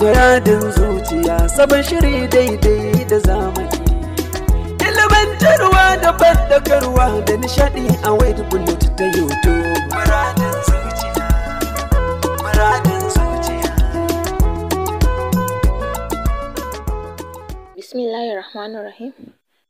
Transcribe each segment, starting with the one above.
Muradin zuciya sabon shiri daidai da zamani. Ilimantarwa da bandakarwa da nishadi a wayar bullet ta YouTube. Muradin zuciya, muradin zuciya. Bismillahirrahmanirrahim.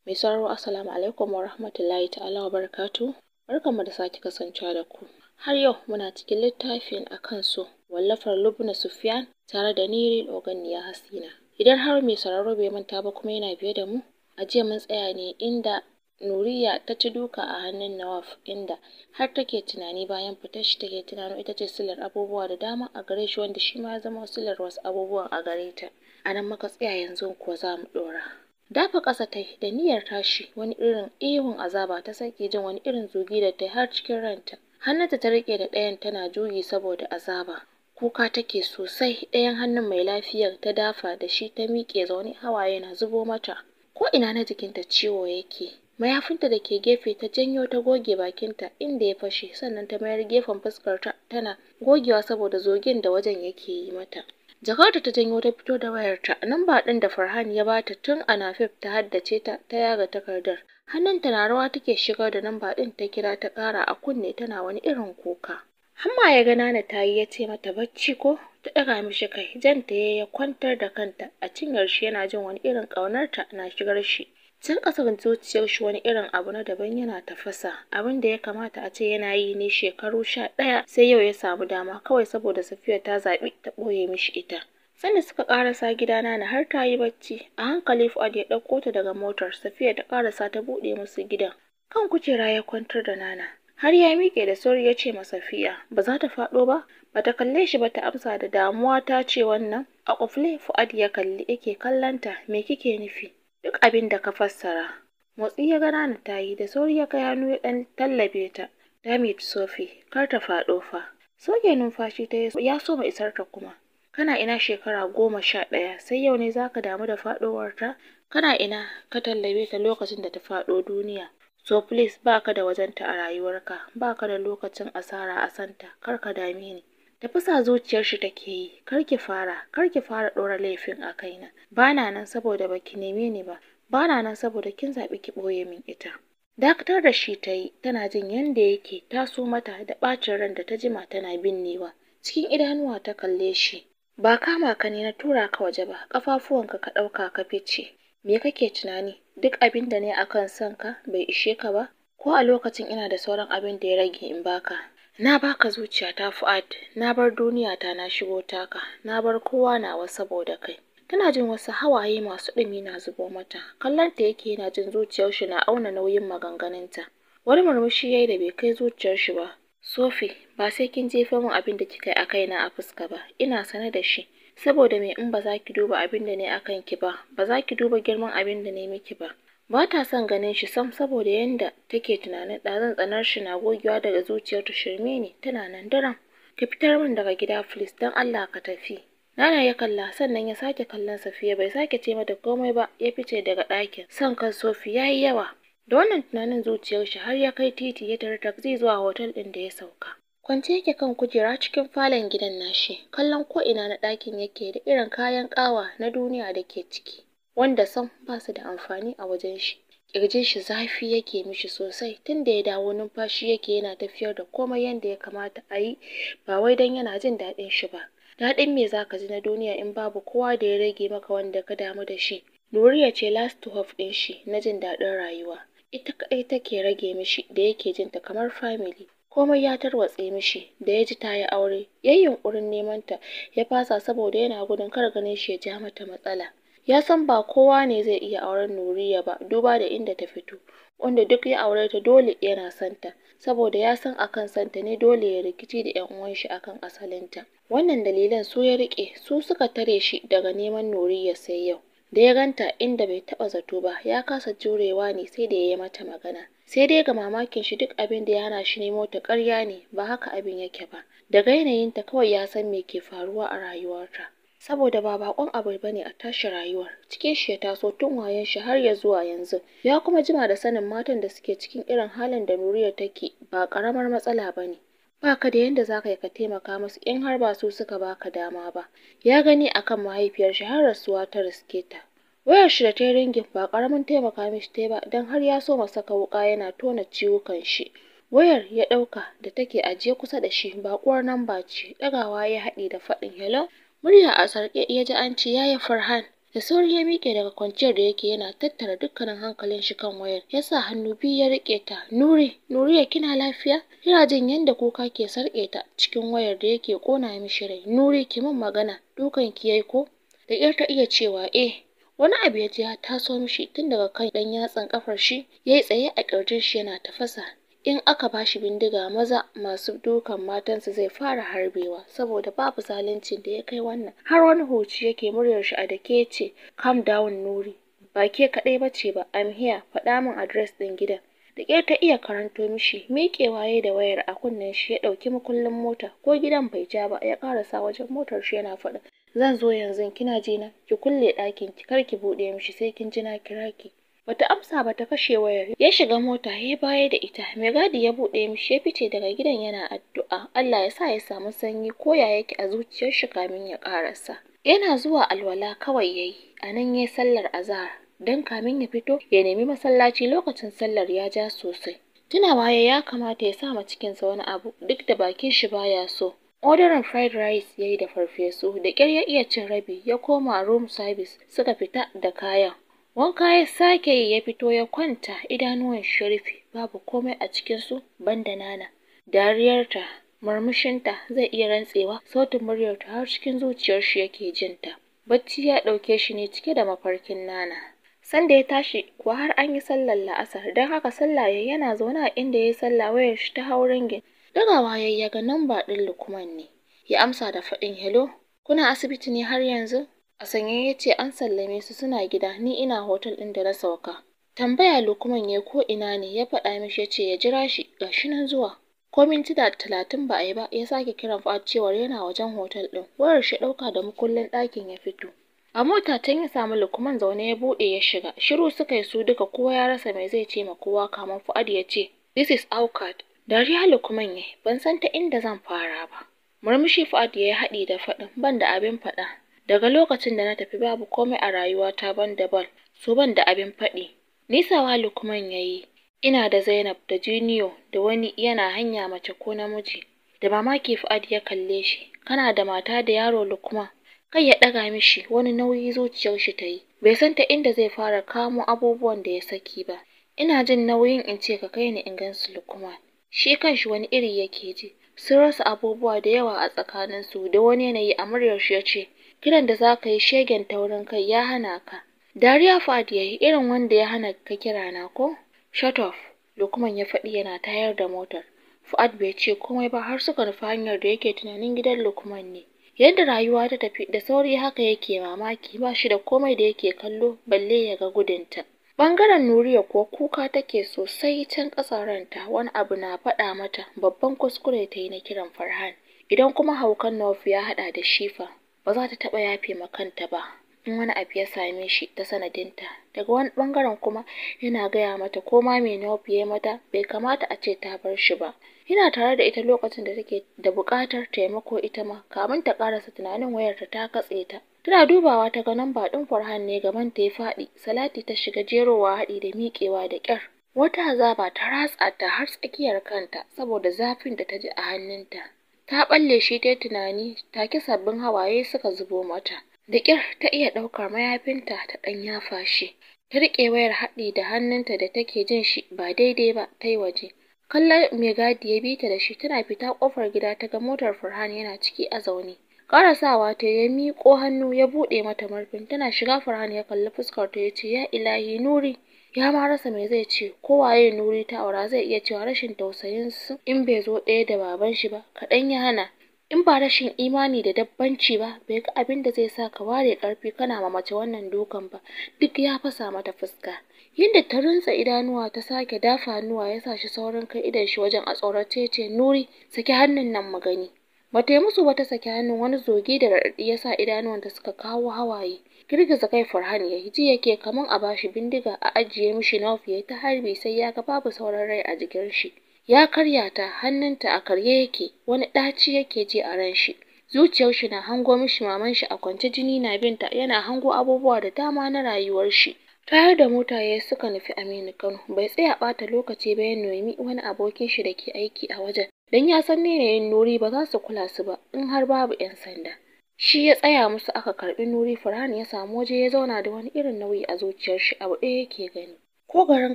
Mai sauraro Assalamu alaikum wa rahmatullahi ta'ala wa barakatu. Barkanmu da sake kasancewa da ku. Har yau muna cikin littafin akan so. wallafar Lubna Sufyan tare da niri Oganniya Hasina. Idan har mai sauraro bai manta ba kuma yana biye da mu, a jiya mun tsaya ne inda Nuriya ta ci duka a hannun Nawaf inda har take tunani bayan fitar shi take tunanin ita ce silar abubuwa da dama a gare shi wanda shi ma ya zama silar wasu abubuwan a gare ta. A nan muka tsaya yanzu kuwa za mu ɗora. dafa ƙasa ta da niyyar tashi wani irin ihun azaba ta sake jin wani irin zugi da ta har cikin ranta hannunta ta riƙe da ɗayan tana juyi saboda azaba Kuka take sosai, ɗayan hannun mai lafiyar ta dafa da shi ta miƙe zaune hawaye na zubo mata. ko ina na jikinta ciwo yake. Mayafinta da ke gefe ta janyo ta goge bakinta inda ya fashe sannan ta mayar gefen fuskarta tana gogewa saboda zogin da wajen yake yi mata. Jakarta ta janyo ta fito da wayarta, namba ɗin da Farhan ya bata tun a Nafef ta haddace ta ta yaga takardar. Hannunta na rawa take shigar da namba ɗin ta kira ta ƙara a kunne tana wani irin kuka. Hamma ya ga Nana ta yi ya ce mata barci ko, ta ɗaga mishi kai, jan ta yi ya kwantar da kanta a cinyar shi yana jin wani irin ƙaunarta na shigar shi. Can ƙasar zuciyar shi wani irin abu na daban yana tafasa, abin da ya kamata a ce yana yi ne shekaru sha ɗaya sai yau ya samu dama kawai saboda Safiya ta zaɓi ta ɓoye mishi ita. Sanda suka ƙarasa gida Nana har ta yi bacci, a hankali Fuad ya ɗauko ta daga motar, Safiya ta ƙarasa ta buɗe musu gidan. Kan kujera ya kwantar da Nana. har ya miƙe da sauri ya ce masa fiya ba za ta faɗo ba ba ta kalle shi ba ta amsa da damuwa ta ce wannan a ƙufle fu'ad ya kalli yake kallanta me kike nufi duk abin da ka fassara motsi ya gana na ta yi da sauri ya kai hannu ya ɗan tallabe ta damit sofi kar ta faɗo fa soke numfashi ta ya so ma isar ta kuma kana ina shekara goma sha ɗaya sai yau ne zaka damu da faɗowar ta kana ina ka tallabe ta lokacin da ta faɗo duniya So please ba ka da wajenta a rayuwarka, ba ka da lokacin asara a santa, kar ka dame ni. Tafasa zuciyar shi take yi, kar ki fara, kar ki fara ɗora laifin a kaina. Ba na nan saboda ba ki neme ni ba, ba na nan saboda kin zaɓi ki ɓoye min ita. Dakatar da shi ta yi, tana jin yadda yake taso mata da ɓacin ran da ta jima tana binnewa. Cikin idanuwa ta kalle shi, ba kama ka ne na tura ka waje ba, ƙafafuwanka ka ɗauka ka fice. Me kake tunani? Duk abin da ne akan a son ka bai ishe ka ba? Ko a lokacin ina da sauran abin da ya rage in baka? Na baka zuciya ta Fuad, na bar duniyata na shigo taka, na bar kowa nawa saboda kai. Tana jin wasu hawaye masu ɗumi na zubo mata, kallonta yake yana jin zuciyar shi na auna nauyin maganganunta. Wani murmushi yayi da bai kai zuciyar shi ba. Sophie, ba sai kin jefa min abin da kika yi a kaina a fuska ba, ina sane da shi. saboda me in ba za ki duba abin da ne a kanki ba ba za ki duba girman abin da ne miki ba ba ta son ganin shi sam saboda yadda take tunanin ɗazan tsanar shi na gogewa daga ta shirme ne tana nan daram Ka fitar min daga gida please don Allah ka tafi Nana ya kalla sannan ya sake kallon Safiya bai sake ce mata komai ba ya fice daga ɗakin son kan Sofi ya yi yawa da wannan tunanin zuciyar shi har ya kai titi ya tarar tagzi zuwa hotel ɗin da ya sauka Kwance yake kan kujera cikin falon gidan nashi, kallon ko'ina na ɗakin yake da irin kayan ƙawa na duniya da ke ciki, wanda sam ba da amfani a wajen shi. Ƙirjin shi zafi yake mishi sosai, tunda ya dawo numfashi yake yana tafiyar da komai yanda ya kamata a yi ba wai don yana jin daɗin shi ba. Daɗin me za ka ji na duniya in babu kowa da ya rage maka wanda ka damu da shi? Nuriya ce last hope ɗin shi na jin daɗin rayuwa. Ita kaɗai take rage mishi da yake jin ta kamar family. komai ya tarwatse mishi da ya ji ta yi aure. Ya yi yunƙurin neman ta, ya fasa saboda yana gudun kar ganin shi ya ja mata matsala. Ya san ba kowa ne zai iya auren Nuriya ba duba da inda ta fito, wanda duk ya aure ta dole yana santa, saboda ya san akan santa ne dole ya rikici da ‘yan shi akan asalinta. Wannan dalilan su ya rike su suka tare shi daga neman Nuriya sai yau. Da ya ganta inda bai taɓa zato ba, ya kasa jurewa ne sai da ya yi mata magana. sai dai ga mamakin shi duk abin da ya hana shi nemo ta ƙarya ne ba haka abin yake ba daga yanayinta kawai ya san me ke faruwa a rayuwarta saboda ba bakon abu ba ne a tashi rayuwar cikin shi ya taso tun wayen shi har ya zuwa yanzu ya kuma jima da sanin matan da suke cikin irin halin da Nuriya take ba ƙaramar matsala ba bane baka da yanda zaka yi ka taimaka musu in har ba su suka baka dama ba ya gani akan mahaifiyar shi har rasuwa ta riske ta Wayarshi da ta yi ba ƙaramin taimaka mishi ta yi ba don har ya so ma saka wuƙa yana tona ciwukan shi. Wayar ya ɗauka da take ajiye kusa da shi baƙuwar namba ce, ɗagawa ya haɗe haɗi da faɗin “hello”. Murya a sarƙe ya ji an ce “Yaya Farhan?” Da sauri ya miƙe daga kwanciyar da yake yana tattara dukkanin hankalin shi kan wayar, ya sa hannu biyu ya riƙe ta. “Nuri, nuri ya kina lafiya?” Yana jin yadda kuka ke sarƙe ta cikin wayar da yake ƙona mishi rai. “Nuri ki min magana, dukan ki ya ko?” Da ƙyar ta iya cewa “eh.” wani abu ya je ya taso mishi tun daga kan ɗan yatsan kafar shi ya yi tsaye a kirjin shi yana tafasa in aka ba shi bindiga maza masu dukan matansa zai fara harbewa saboda babu zaluncin da ya kai wannan har wani hoci yake muryar shi a dake ce calm down nuri ba ke kaɗai ba ce ba i'm here faɗa min adres ɗin gidan da ke ta iya karanto mishi miƙewa ya da wayar a kunnen shi ya ɗauki makullin mota ko gidan bai ja ba ya ƙarasa wajen motar shi yana faɗa. zan zo yanzu kina ji na ki kulle ɗakin ki kar ki buɗe mishi sai kin ji na kira ki bata amsa ba ta kashe wayar ya shiga mota ya baya da ita mai gadi ya buɗe mishi ya fice daga gidan yana addu'a Allah ya sa ya samu sanyi ko ya yake a zuciyar shi kamin ya karasa yana zuwa alwala kawai yayi anan yayi sallar azhar dan kamin ya fito ya nemi masallaci lokacin sallar ya ja sosai tunawa ya kamata ya sa ma cikinsa wani abu duk da bakin shi baya so Modern fried rice ya yi da farfesu, da ƙyar ya iya cin rabi, ya koma room service suka fita da kayan. Wanka ya sake yi ya fito ya kwanta idanuwan sharifi babu komai a cikinsu banda nana. Dariyarta, murmushinta zai iya rantsewa, sautin muryarta har cikin zuciyar shi yake jinta. Bacci ya ɗauke shi ne cike da mafarkin nana. Sanda ya tashi kuwa har an yi sallar la'asar, don haka sallah yana zaune a inda ya yi sallah wayar shi ta hau ringin. Daga ya yi ya ga namba ɗin Lukman ne, ya amsa da faɗin "Helo, kuna asibiti ne har yanzu?" A sanye ya ce an sallame su suna gida, ni ina hotel ɗin da na sauka. Tambaya Lukman ya ko ina ne, ya faɗa mishi ya ce ya jira shi, ga shi nan zuwa. Ko minti da talatin ba a yi ba, ya sake kiran Fuad cewar yana wajen hotel ɗin, wayar shi ɗauka da mukullin ɗakin ya fito. A mota ta ya samu Lukman zaune ya buɗe ya shiga, shiru suka yi su duka kowa ya rasa mai zai ce ma kowa kamar Fuad ya ce "This is Aukat, Dariya Lukman ya yi, ban san ta inda zan fara ba. Murmushi Fuad ya haɗi da faɗin, ban da abin faɗa. Daga lokacin da na tafi babu komai a rayuwata ban da bal, so ban da abin faɗi. Nisawa Lukman ya yi, ina da Zainab da Junior da wani yana hanya mace ko namiji. Da mamaki Fuad ya kalle shi, kana da mata da yaro Lukman. Kai ya ɗaga mishi wani nauyi zuciyar shi ta yi, bai san ta inda zai fara kamo abubuwan da ya saki ba. Ina jin nauyin in ce ka kai ni in gan su Lukman. shi kanshi wani iri yake ji sun rasa abubuwa da yawa a tsakaninsu da wani yanayi a muryarshi ya ce kiran da za ka yi shegen taurin kai ya hana ka dariya fadi ya yi irin wanda ya hana ka kira na ko shut off Lukman ya faɗi yana tayar da motar Fuad bai ce komai ba har suka nufi hanyar da yake tunanin gidan Lukman ne yadda rayuwa ta tafi da sauri haka yake mamaki ba shi da komai da yake kallo balle ya ga gudunta Ɓangaren Nuriya kuwa kuka take sosai can ƙasa ranta, wani abu na faɗa mata, babban kuskure ta yi na kiran Farhan, idan kuma haukan Nuf ya haɗa da shifa, ba za ta taɓa yafe ma kanta ba in wani abu ya same shi ta sanadinta, daga wani ɓangaren kuma yana gaya mata ko ma me Nuf ya yi mata bai kamata a ce ta bar shi ba, yana tare da ita lokacin da take da buƙatar taimako ita ma, kafin ta ƙarasa tunanin wayarta ta katse ta. Tana dubawa ta ga lamba ɗin furhan ne ta ya faɗi, Salati ta shiga jerowa haɗi da miƙewa da ƙyar. Wata azaba ta ratsa ta har tsakiyar kanta saboda zafin da ta ji a hannunta. Ta ɓalle shi ta yi tunani, take sabbin hawaye suka zubo mata. Da ƙyar ta iya ɗaukar mayafinta ta ɗan yafa shi. Ta riƙe wayar haɗi da hannunta da take jin shi ba daidai ba ta yi waje. Kallon mai gadi ya bi ta da shi tana fita ƙofar gida ta ga motar farhan yana ciki a zaune. Ƙarasawa ta ya miƙo hannu ya buɗe mata murfin, tana shiga Farhan ya kalli fuskarta ya ce, Ya ilahi Nuri, ya ma rasa mai zai ce, ko waye Nuri ta aura zai iya cewa rashin tausayin su in bai zo ɗaya da baban shi ba, kaɗan ya hana. in ba rashin imani da dabbanci ba bai ga abin da zai sa ka ware ƙarfi kana ma mace wannan dukan ba duk ya fasa mata fuska yadda ta rintsa idanuwa ta sake dafa nuwa ya sa shi saurin kai idan shi wajen a tsorace ce nuri saki hannun nan mu gani Bata yi musu ta saki hannun wani zogi da raɗaɗi ya sa idanuwanta suka kawo hawaye. Girgiza kai Farhan ya ji yake kaman a bashi bindiga a ajiye mishi na ya ta harbi sai ya ga babu sauran rai a jikin shi. Ya karya ta hannunta a karye yake wani ɗaci yake ji a ran shi. Zuciyar shi na hango mishi maman shi a kwance jini na binta yana hango abubuwa da dama na rayuwar shi. Tayar da mota ya suka nufi Aminu Kano bai tsaya ɓata lokaci ba ya nomi wani abokin shi da ke aiki a wajen don ya san yin nuri ba za su kula su ba in har babu 'yan sanda shi ya tsaya musu aka karbi nuri Farhan ya samu waje ya zauna da wani irin nauyi a zuciyar shi abu ɗaya yake gani ko garin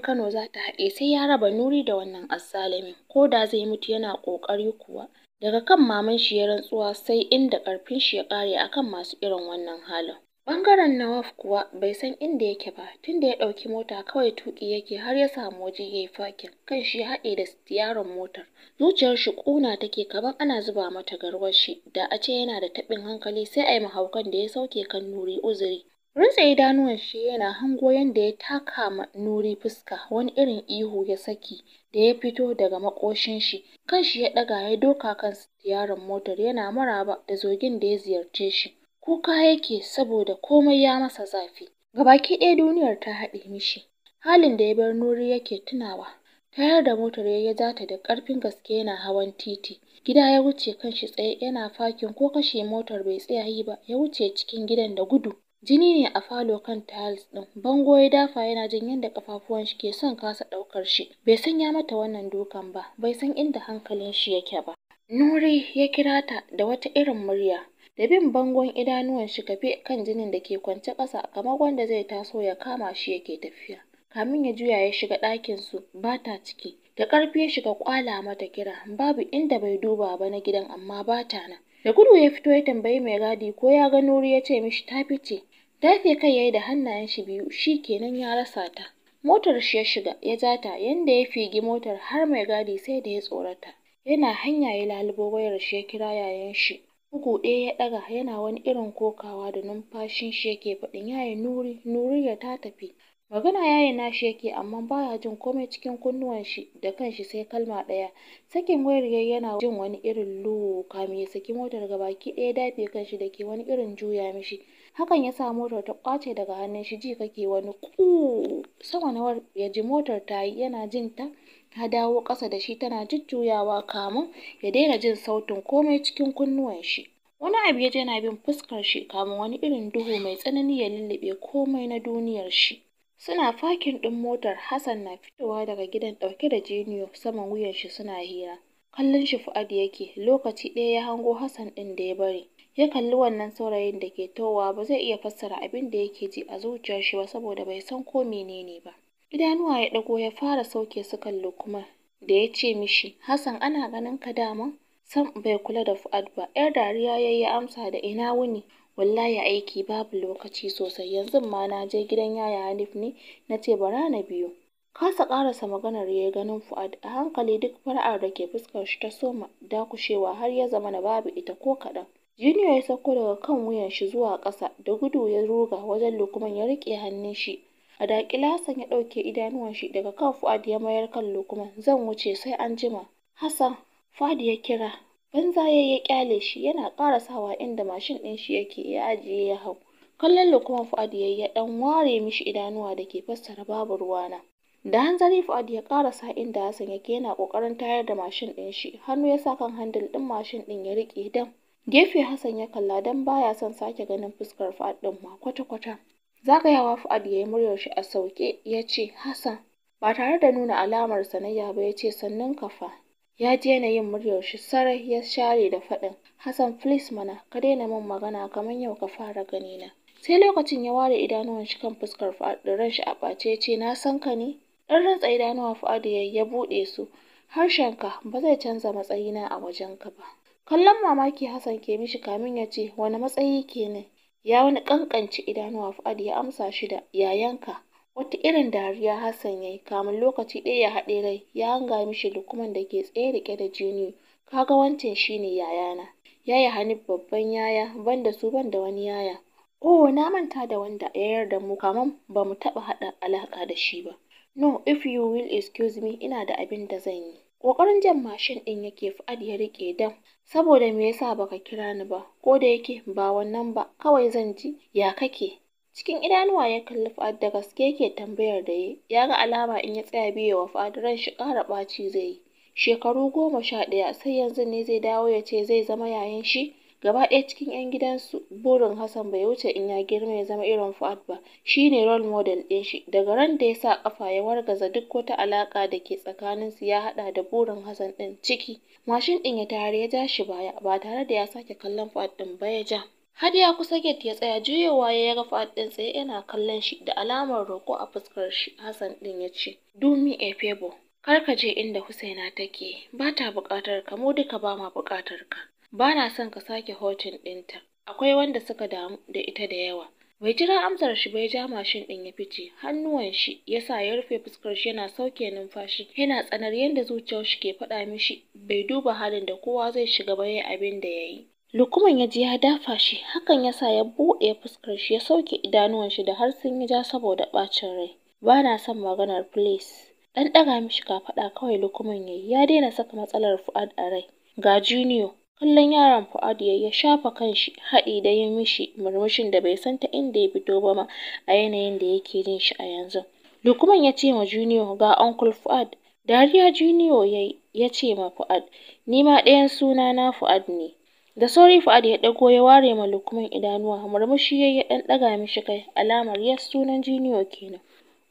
Kano za ta haɗe sai ya raba nuri da wannan azzalimin ko da zai mutu yana ƙoƙari kuwa daga kan maman shi ya rantsuwa sai inda ƙarfin shi ya ƙare akan masu irin wannan halin Ɓangaren Nawaf kuwa bai san inda yake ba, tunda ya ɗauki mota kawai tuƙi yake har ya samu waje ya yi fakin, shi ya haɗe da yaron motar, zuciyar shi ƙuna take kamar ana zuba mata shi, da a ce yana da taɓin hankali sai a yi mahaukan da ya sauke kan Nuri uzuri. Rintse idanuwanshi ya yi yana hango yadda ya taka ma Nuri fuska, wani irin ihu ya saki da ya fito daga shi kan shi. ya ɗaga ya doka kan yaron motar yana maraba da zogin da ya ziyarce shi. kuka yake saboda komai ya masa zafi gabaki ɗaya duniyar ta haɗe mishi halin da ya bar Nuri yake tunawa tayar da motar ya yi zata da ƙarfin gaske yana hawan titi gida ya wuce kan shi tsaye yana fakin ko kashe motar bai tsaya yi ba ya wuce cikin gidan da gudu jini ne a falo kan tiles ɗin bango ya dafa yana jin yadda kafafuwan shi ke son kasa ɗaukar shi bai san ya mata wannan dukan ba bai san inda hankalin shi yake ba Nuri ya kira ta da wata irin murya da bin bangon idanuwan shi kafe kan jinin da ke kwance ƙasa kamar wanda zai taso ya kama shi yake tafiya kamin ya juya ya shiga ɗakin su ba ta ciki da ƙarfi ya shiga kwala mata kira babu inda bai duba ba na gidan amma ba ta nan da gudu ya fito ya tambayi mai gadi ko ya ga Nuri ya ce mishi ta fice dafe kai yayi da hannayen shi biyu shi kenan ya rasa ta motar shi ya shiga ya ja ta yanda ya figi motar har mai gadi sai da ya tsorata yana hanya ya lalubo wayar shi ya kira yayan shi Bugu ɗaya ya ɗaga, yana wani irin kokawa da shi yake faɗin yayi Nuri, ta tafi!" Magana yayi nashi yake amma baya jin komai cikin kunnuwan shi da kanshi sai kalma ɗaya. Sakin wayar yana jin wani irin loka kamin ya saki motar baki ɗaya dafe kanshi da ke wani irin juya mishi. Hakan ya sa motar ta ƙwace daga hannun shi ji kake wani ƙuuuu sama na ya ji motar ta yi, yana jin ta ta dawo ƙasa da shi tana jujjuyawa kamun ya daina jin sautin komai cikin kunnuwan shi wani abu ya na bin fuskar shi kamun wani irin duhu mai tsanani ya lullube komai na duniyar shi suna fakin ɗin motar Hassan na fitowa daga gidan ɗauke da jiniyo saman wuyan shi suna hira kallon shi Fuad yake lokaci ɗaya ya hango Hassan ɗin da ya bari ya kalli wannan saurayin da ke towa ba zai iya fassara abin da yake ji a zuciyar shi ba saboda bai san ko menene ba Idanuwa ya ɗago ya fara sauke su kan da ya ce mishi, Hassan ana ganin ka dama?'. Sam bai kula da Fuad ba, ‘yar dariya ya yi amsa da ina wuni, wallahi aiki babu lokaci sosai, yanzu ma na je gidan Yaya Hanif ne na ce bara na biyu. Kasa ƙarasa maganar ya ganin Fuad, a hankali duk fara'ar da ke fuskar shi ta soma dakushewa har ya zama na babu ita ko kaɗan. Junior ya sauko daga kan wuyan shi zuwa ƙasa, da gudu ya ruga wajen lukuman ya riƙe hannun shi A daƙila Hassan ya ɗauke idanuwan shi daga kan Fuad ya mayar kan lokuma Zan wuce sai an jima. Hassan, fadi ya kira. Banza ya ya kyale shi yana ƙarasawa inda mashin ɗin shi yake ya ajiye ya hau. Kallon lokuma Fuad ya ya ɗan ware mishi idanuwa da ke fassara babu na. Da hanzari Fuad ya ƙarasa inda Hassan yake yana ƙoƙarin tayar da mashin ɗin shi. Hannu ya sa kan handil ɗin mashin ɗin ya rike dam. Gefe Hassan ya kalla don baya son sake ganin fuskar Fuad ɗin ma kwata-kwata. yi Fuad ya yi muryarshi a sauke ya ce, Hassan, ba tare da nuna alamar sanayya ba ya ce, sannan kafa. fa. Ya daina yin muryar shi sarai ya share da faɗin, Hassan please mana, ka daina min magana kamar yau ka fara gani na Sai lokacin ya ware idanuwan shi kan fuskar Fuad da shi a bace ya ce, Na san ka ne? Ɗan rantsa idanuwan Fuad ya ya buɗe su, harshenka ba zai canza matsayina a wajenka ba. Kallon mamaki Hassan ke mishi kamin ya ce, Wane matsayi kenan? Ya wani ƙanƙance idanuwa Fuad ya amsa shi da yayanka. Wata irin dariya Hassan ya yi kamin lokaci ɗaya ya haɗe rai ya hanga mishi lukuman da ke tsaye rike da jini kaga ga wancan shi ne yayana. Yaya Hanif babban yaya ban da su ban da wani yaya. Oh na manta da wanda ya yarda mu kamun ba mu taɓa haɗa alaƙa da shi ba. No if you will excuse me ina da abin da zan yi. ƙoƙarin jan mashin ɗin yake Fuad ya riƙe dam saboda me yasa baka kira ni ba ko da yake ba wannan ba kawai zan ji ya kake cikin idanuwa ya kalli Fuad da gaske yake tambayar da yi, ya ga alama in ya tsaya biye wa Fuad ran shi ƙara ɓaci zai yi shekaru goma sha ɗaya sai yanzu ne zai dawo ya ce zai zama yayan shi Gaba ɗaya cikin 'yan su burin Hassan bai wuce in ya girma ya zama irin Fuad ba, shi ne role model ɗin shi, daga ran da ya sa ƙafa ya wargaza duk wata alaƙa da ke tsakaninsu ya haɗa da burin Hassan ɗin ciki. Mashin ɗin ya tare ya ja shi baya ba tare da ya sake kallon Fuad ɗin ba ya ja. Har ya kusa gate ya tsaya juyowa ya ga Fuad ɗin tsaye yana kallon shi da alamar roƙo a fuskar shi Hassan ɗin ya ce, Do me a favor. kar ka je inda Husaina take ba ta buƙatar ka mu duka ba ma buƙatar ka ba na son ka sake hotin ɗinta. Akwai wanda suka damu da ita da yawa. Bai jira amsar shi bai ja mashin ɗin ya fice, hannuwan shi ya sa ya rufe fuskar shi yana sauke numfashi, yana tsanar yadda zuciyar shi ke faɗa mishi bai duba halin da kowa zai shiga ba yayi abin da ya yi. Lukuman ya ji ya dafa shi, hakan ya sa ya buɗe fuskar shi ya sauke idanuwan shi da har sun yi ja saboda ɓacin rai. Ba na son maganar please. Ɗan ɗaga mishi kafaɗa kawai lukuman ya yi, ya daina saka matsalar Fuad a rai. Ga Junior Kallon yaron Fuad ya yi, ya shafa kanshi, haɗi da ya mishi murmushin da bai san ta inda ya fito ba ma a yanayin da yake jin shi a yanzu. Lukman ya ce ma Junior, "Ga Uncle Fuad." Dariya Junior ya yi, ya ce ma Fuad, "Ni ma ɗayan suna na Fuad ne." Da sauri Fuad ya ɗago ya ware ma Lukman idanuwa, murmushi ya yi ya ɗan ɗaga mishi kai, alamar "Yes" sunan Junior kenan.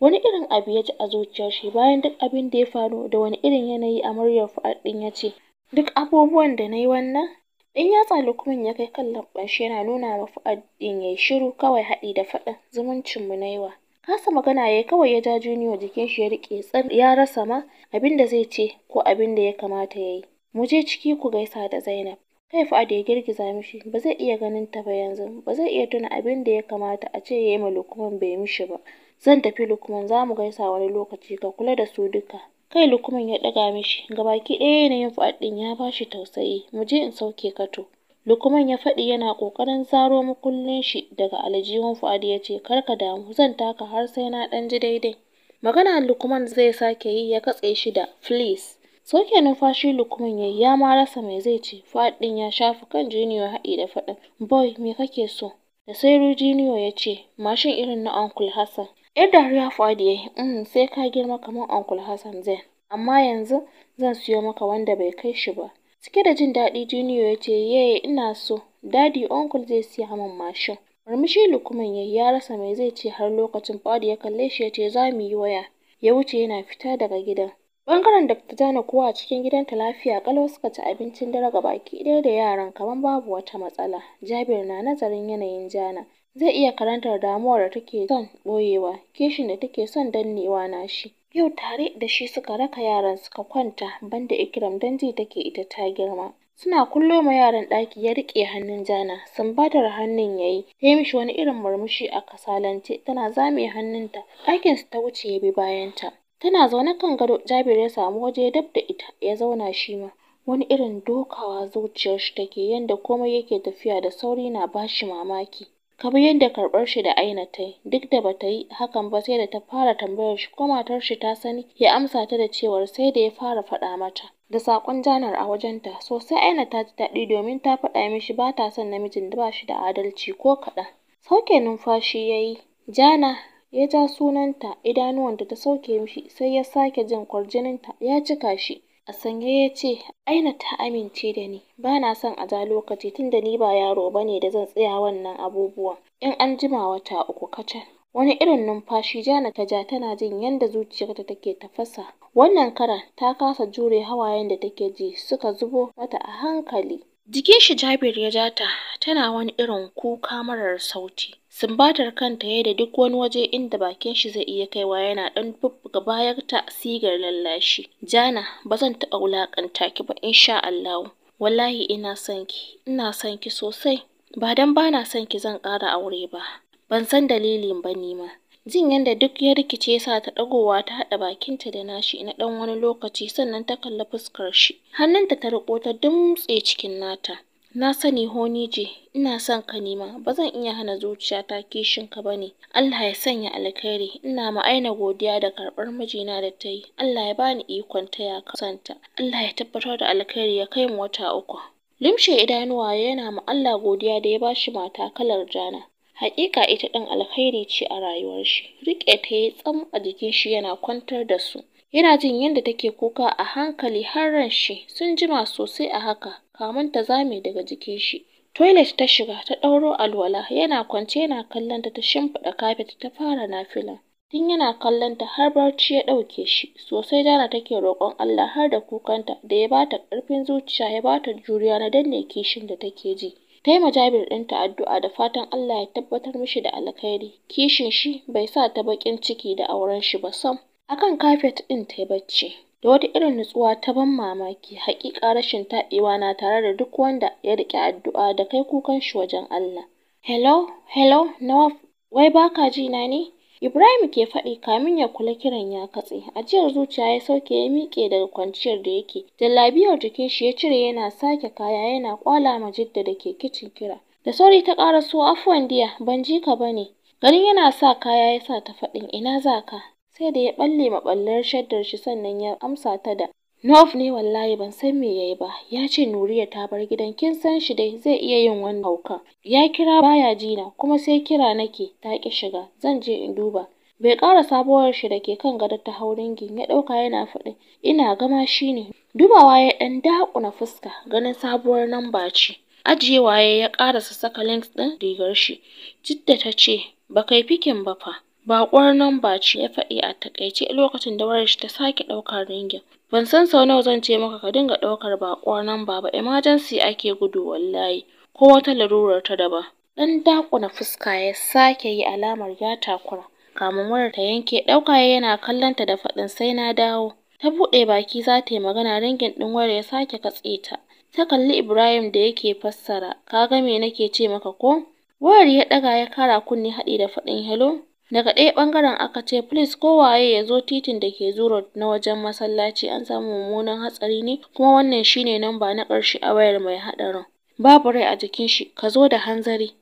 Wani irin abu ya ji a zuciyar shi bayan duk abin da ya faru da wani irin yanayi a muryar Fuad ɗin ya ce, duk abubuwan da nayi wannan in ya yatsa lukman ya kai kan leɓɓan shi yana nuna ma Fuad ɗin yayi shiru kawai haɗi da faɗin zumuncin mu nayi wa kasa magana yayi kawai ya ja Junior jikin shi ya riƙe tsam ya rasa ma abin da zai ce ko abin da ya kamata yayi mu je ciki ku gaisa da Zainab kai Fuad ya girgiza mishi ba zai iya ganin ta ba yanzu ba zai iya tuna abin da ya kamata a ce yayi ma Lukman bai mishi ba zan tafi Lukman zamu gaisa wani lokaci ka kula da su duka kai lukman ya ɗaga mishi gabaki ɗaya yanayin fa'ad ɗin ya bashi tausayi mu je in sauke ka to lukman ya faɗi yana ƙoƙarin zaro makullin shi daga aljihun fu'ad ya ce kar ka damu zan taka har sai na ɗan ji daidai magana lukman zai sake yi ya katse shi da please soke numfashi lukman yayi ya ma rasa mai zai ce fuad ɗin ya shafa kan junior haɗi da faɗin boy me kake so da sai jiniyo ya ce mashin irin na uncle hassan Yar dariya Fuad ya yi, mm, sai ka girma kamar Uncle Hassan Zain, amma yanzu zan siyo maka wanda bai kai shi ba." Cike da jin daɗi Junior ya ce, "Ye, ina so, Daddy Uncle zai siya min mashin." Murmushi Lukman ya ya rasa mai zai ce har lokacin faɗi ya kalle shi ya ce, "Za mu yi waya." Ya wuce yana fita daga gidan. Ɓangaren ta Jani kowa a cikin gidan ta lafiya kalau suka ci abincin dare ga baki ɗaya da yaran kamar babu wata matsala. Jabir na nazarin yanayin Jana. zai iya karantar damuwar da take son ɓoyewa kishin da take son dannewa na shi. yau tare da shi suka raka yaran suka kwanta banda ikiram dan ji take ita ta girma suna kullo ma yaran ɗaki ya riƙe hannun Jana sambatar hannun yayi ya mishi wani irin murmushi a kasalance tana zame hannunta ɗakin su ta wuce ya bi bayanta tana zaune kan gado Jabir ya samu waje dab da ita ya zauna shi ma wani irin dokawa zuciyar shi take yanda komai yake tafiya da sauri na bashi mamaki kamar yadda karɓar shi da Aina ta yi, duk da ba ta yi hakan ba sai da ta fara tambayar shi ko matar shi ta sani, ya amsa ta da cewar sai da ya fara faɗa mata. Da saƙon janar a wajenta, sosai Aina ta ji daɗi domin ta faɗa mishi ba ta son namijin da ba shi da adalci ko kaɗan. Sauke numfashi ya yi, Jana ya ja sunanta, idanuwanta ta sauke mishi sai ya sake jin kwarjininta ya cika shi. A sanye ya ce, "Aina ta amince da ni, ba na son a ja lokaci tunda ni ba yaro ba ne da zan tsaya wannan abubuwan, in an jima wata uku kacal." Wani irin numfashi Jana ta ja tana jin yadda zuciyarta take tafasa, wannan karan ta kasa jure hawayen da take ji suka zubo mata a hankali. Jikin shi Jabir ya ja ta, tana wani irin kuka marar sauti. Sumbatar kanta ya da duk wani waje inda bakin shi zai iya kaiwa yana ɗan bubbuga ta sigar lallashi. "Jana, ba zan taɓa wulaƙanta ki ba insha Allahu. Wallahi ina son ki, ina son ki sosai. Ba don ba son ki zan ƙara aure ba. Ban san dalilin ba nima. Jin yadda duk ya rikice yasa sa ta ɗagowa ta haɗa bakinta da nashi na ɗan wani lokaci sannan ta kalli fuskar shi. Hannunta ta riƙo ta dumtse cikin nata. Na sani honije, ina son ka nima, ba zan iya hana zuciyata kishin ka bane. Allah ya sanya alkhairi, ina ma aina godiya da karɓar mijina da ta yi. Allah ya bani ikon ta ya santa. Allah ya tabbatar da alkhairi ya kai mu wata uku. Limshe idanuwa yana ma Allah godiya da ya bashi mata kalar jana. Haƙiƙa ita ɗin alkhairi ce a rayuwar shi, riƙe ta yi tsam a jikin shi yana kwantar da su. Yana jin yadda take kuka a hankali har ran shi sun jima sosai a haka kamun ta zame daga jikin shi. Toilet ta shiga ta ɗauro alwala yana kwance yana kallon ta ta shimfiɗa kafet ta fara nafilan Tun yana kallon ta har barci ya ɗauke shi sosai Dana take roƙon Allah har da kukanta da ya bata ƙarfin zuciya ya bata juriya na danne kishin da take ji. Ta yi ma Jabir ɗinta addu'a da fatan Allah ya tabbatar mishi da alkhairi, kishin shi bai sa ta baƙin ciki da auren shi ba sam. A kan kafet ɗin ta yi bacci, da wata irin nutsuwa ta ban mamaki, haƙiƙa rashin taɓewa na tare da duk wanda ya riƙe addu'a da kai kukan shi wajen Allah. Hello, hello Nawaf, wai ba ka ji na ne? Ibrahim ke faɗi kamin ya kula kiran ya katse. Ajiyar zuciya ya sauke ya miƙe daga kwanciyar da yake. Jallabiyar jikin shi ya cire yana sake kaya yana kwala ma jidda da ke kicin kira. Da sauri ta ƙara so afuwan diya ban ji ka bane. Garin yana sa kaya ya sa ta faɗin ina za ka? Sai da ya ɓalle maɓallar shaddar shi sannan ya amsa ta da Nuf ne wallahi ban san me yayi ba. Ya ce Nuriya ta bar gidan kin san shi dai zai iya yin wannan hauka Ya kira baya jina kuma sai kira nake ta ki shiga. Zan je in duba. Bai ƙara sabuwar shi da ke kan gado ta gin ya ɗauka yana faɗi ina gama shi ne. Dubawa ya ɗan daƙuna fuska ganin sabuwar namba ce. Ajiye waye ya ƙarasa saka links ɗin rigar shi. Jidda ta ce ba kai fikin ba fa. Baƙuwar namba ce, ya faɗi a taƙaice lokacin da shi ta sake ɗaukar ringin. Ban san sau nawa zan ce maka ka dinga ɗaukar baƙuwar namba ba emergency ake gudu wallahi, ko wata larurar ta daban. Ɗan dakuna fuska ya sake yi alamar ya takura, kamin wayar ta yanke, ɗauka ya yana kallonta da faɗin sai na dawo. Ta buɗe baki za ta yi magana ringin ɗin wayar ya sake katse ta. Ta kalli Ibrahim da yake fassara, ka ga me nake ce maka ko? Wayar ya ɗaga ya kara kunne haɗi da faɗin hello. Daga ɗaya ɓangaren aka ce "Please kowaye ya zo titin da ke Zoo na wajen masallaci, an samu mummunan hatsari ne kuma wannan shi ne ba na ƙarshe a wayar mai haɗarin, babu rai a jikin shi, ka zo da hanzari."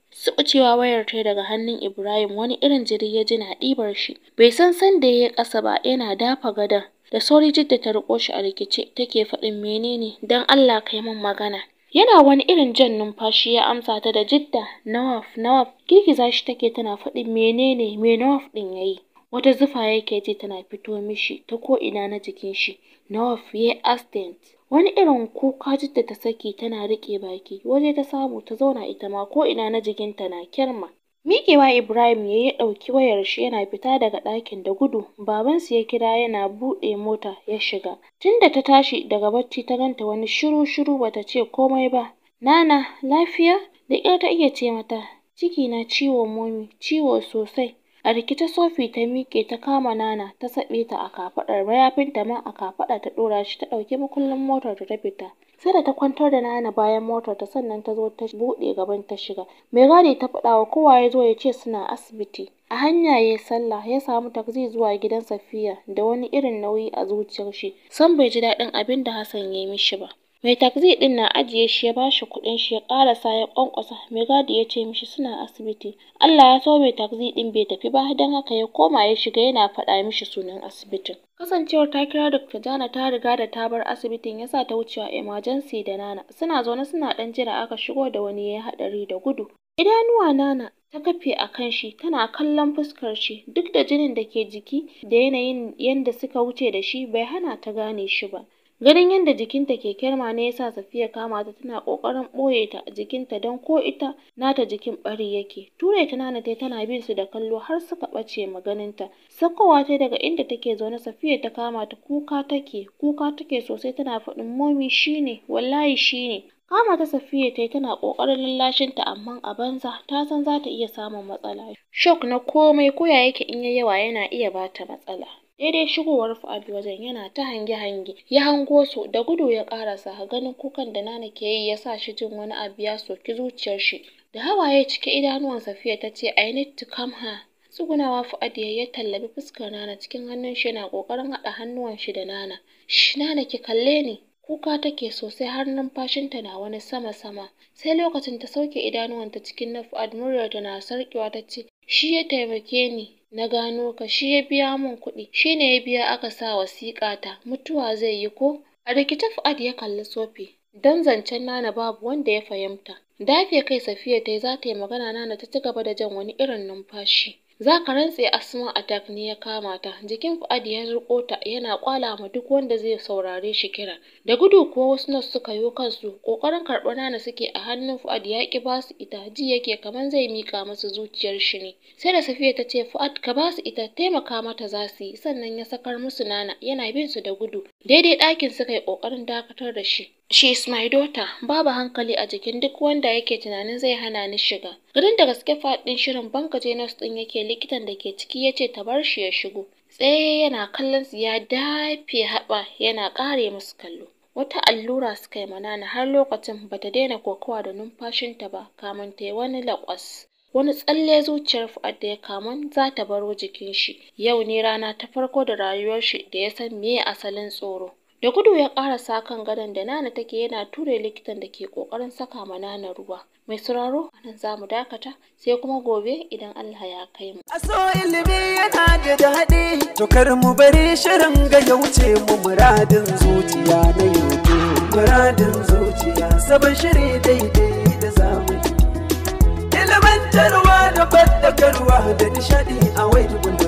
cewa wayar ta daga hannun Ibrahim, wani irin jiri ya ji na ɗibar shi, bai san sanda ya yi ƙasa ba, yana dafa gadon. Da sauri Jidda ta riƙo shi a rikice, take faɗin menene don Allah kai min magana." Yana wani irin jan numfashi ya amsa ta da “Jidda, Nawaf, Nawaf.” Girgiza shi take tana faɗin menene, me Nawaf ɗin yayi Wata zufa yake ji tana fito mishi ta ko'ina na jikin shi. Nawaf ya yi accident. Wani irin kuka Jidda ta saki tana riƙe baki. Waje ta samu ta zauna ita ma ko'ina na jikinta na kyarma. Mikewa Ibrahim ya yi ɗauki wayar shi yana fita daga ɗakin da gudu, babansu ya kira yana buɗe mota ya shiga. Tunda ta tashi daga bacci ta ganta wani shiru-shiru bata ce komai ba. Nana, lafiya? Da ƙyar ta iya ce mata, ciki na ciwo momi, ciwo sosai. A rikita, sofi ta miƙe ta kama Nana ta saɓe ta a kafaɗar mayafinta ma a kafaɗa ta ɗora shi ta ɗauki makullin motar ta fita. sai da ta kwantar da nana bayan motar ta sannan ta zo ta buɗe gaban ta shiga mai gadi ta faɗa wa kowa ya zo ya ce suna asibiti a hanya ya sallah ya samu takzi zuwa gidan safiya da wani irin nauyi a zuciyar shi san bai ji daɗin abin da hassan ya yi mishi ba Mai taxi ɗin na ajiye shi ya bashi kuɗin shi ya ƙarasa ya ƙwanƙwasa mai gadi ya ce mishi suna asibiti. Allah ya so mai taxi ɗin bai tafi ba don haka ya koma ya shiga yana faɗa mishi sunan asibitin. Kasancewar ta kira Dr. Jana ta riga da ta bar asibitin ya sa ta wucewa emergency da Nana. Suna zaune suna ɗan jira aka shigo da wani ya yi haɗari da gudu. Idanuwa Nana ta kafe a kan shi tana kallon fuskar shi duk da jinin da ke jiki da yanayin yadda suka wuce da shi bai hana ta gane shi ba. Ganin yadda jikinta ke kyarma ne ya sa Safiya kama ta tana ƙoƙarin ɓoye ta a jikinta don ko ita nata jikin ɓari yake. Ture ta Nana tai tana bin su da kallo har suka ɓace maganinta. Sakkowa tai daga inda take zaune Safiya ta kama ta kuka take, kuka take sosai tana faɗin momi shine, wallahi shine. Kama ta Safiya tai tana ƙoƙarin lallashinta amma a banza ta san za iya samun matsala. Shock na komai ko ya yake in yayi yawa yana iya bata matsala. daidai shigowar Fuad wajen yana ta hange-hange ya hango su da gudu ya karasa ganin kukan da Nana ke yi ya sa shi jin wani abu ya soki zuciyar shi da hawaye cike idanuwan Safiya ta ce I need to come here tsugunawa Fuad ya tallabi fuskar Nana cikin hannun shi yana kokarin haɗa hannuwan shi da Nana shi Nana ki kalle ni kuka take sosai har numfashinta na wani sama-sama sai lokacin ta sauke idanuwanta cikin na Fuad muryarta na sarkewa ta ce shi ya taimake ni na gano ka shi ya biya min kuɗi shi ne ya biya aka sa wasiƙa ta mutuwa zai yi ko a rikice Fuad ya kalli Sofi dan zancen Nana babu wanda ya fahimta dafe kai Safiya tayi za ta yi magana Nana ta ci gaba da jan wani irin numfashi Za ka rantse asma attack ne ya kama ta, jikin Fu'ad ya riko ta yana ƙwala ma duk wanda zai saurare shi kira. Da gudu kuwa wasu nas suka yo kansu, ƙoƙarin karɓar nana suke a hannun Fu'ad ya ƙi basu ita, ji yake kamar zai mika musu zuciyar shi ne. Sai da Safiya ta ce Fu'ad ka basu su ita taimaka mata za su yi, sannan ya sakar musu nana yana bin su da gudu. Daidai ɗakin suka yi ƙoƙarin dakatar da shi. She is my daughter, babu hankali a jikin duk wanda yake tunanin zai hana ni shiga. Gidan da gaske faɗin shirin bankaje nas ɗin yake likitan da ke ciki ya ce ta bar shi ya shigo. Tsaye yana kallon su ya dafe haɓa yana ƙare musu kallo. Wata allura suka yi manana har lokacin ba ta daina kokawa da numfashinta ba kamun ta yi wani laƙwas. Wani tsalle zuciyar fu'adda da ya kamun za ta baro jikin shi. Yau ne rana ta farko da rayuwar shi da ya san me asalin tsoro. Da gudu ya ƙarasa kan gadon da Nana take yana ture likitan da ke ƙoƙarin saka ma Nana ruwa. Mai sauraro a nan za mu dakata sai kuma gobe idan Allah ya kai mu. Aso ilimi yana da daɗi, to kar mu bari shirin ga ya wuce mu muradin zuciya na yanzu. Muradin zuciya sabon shiri daidai da zamani. Ilimantarwa da fadakarwa da nishaɗi a wai